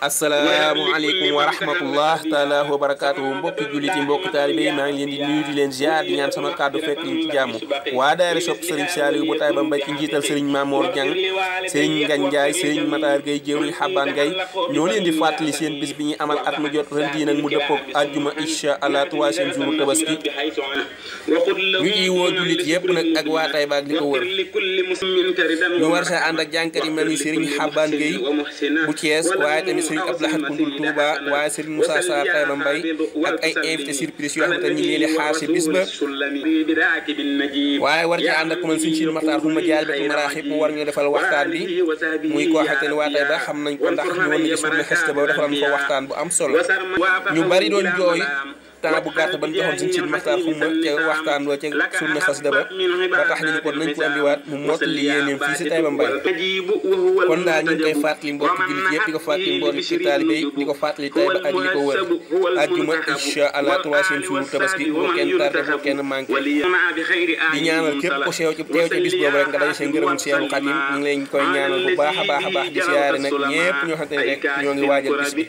asalaamaaleykum wa rahmatullah taala wa barakaatuhu mbokki jullit yi mbokki taalibe yi maa ngi leen di nuyu di leen ziar di ñaan sama kàddu fekk leen ci jàmm waa daayira sopp sëriñ Saaliw bu Tayba Mbay ci njiital sëriñ Mamoor Jàng sëriñ Ngañ Njaay sëriñ Mataar Gay jëwriñ Xabaan Gay ñoo leen di fàttali seen bis bi ñuy amal at mu jot ren jii nag mu dëppoog àjjuma incha allah troisième jour tabaski ñu ciy woo jullit yépp nag ak waa Tayba ak li ko wër ñu war sa ànd ak jànkat كياس وعاد مسيري قبل حد كنت توبا وعاسر موسى صار قيما باي اك اي ايف تسير بريسيو حمد النيلي لحاسي بسبا وعاي ورجع عندك من سنشي المطار هم مجال بك المراحب وورن يدفع الوحطان دي ميكو حتى الواقع با حمنا نكون داخل يوان يسر محسكة بو دفع المفا وحطان بو امسل نباري دون جوي temps bu gàtt ban joxoon suñ si Maxtaar ca waxtaan wa ca sunna xasida ba ba tax ñu kon nañ ko andiwaat mu mottali yéeneem fii si Taïba Mbaye kon daal ñu koy fàttali mbokk di ko fàttali ci di ko fàttali ak li ko wër àjjuma incha allah troisième jour tabaski bu kenn tardé bu kenn manqué di ñaanal képp ku seew ci teew ci bis boobu rek nga daje seen ngërëmul Seexu Xadim ñu ngi leen koy ñaanal bu baax a baax di rek ñoo ngi waajal bis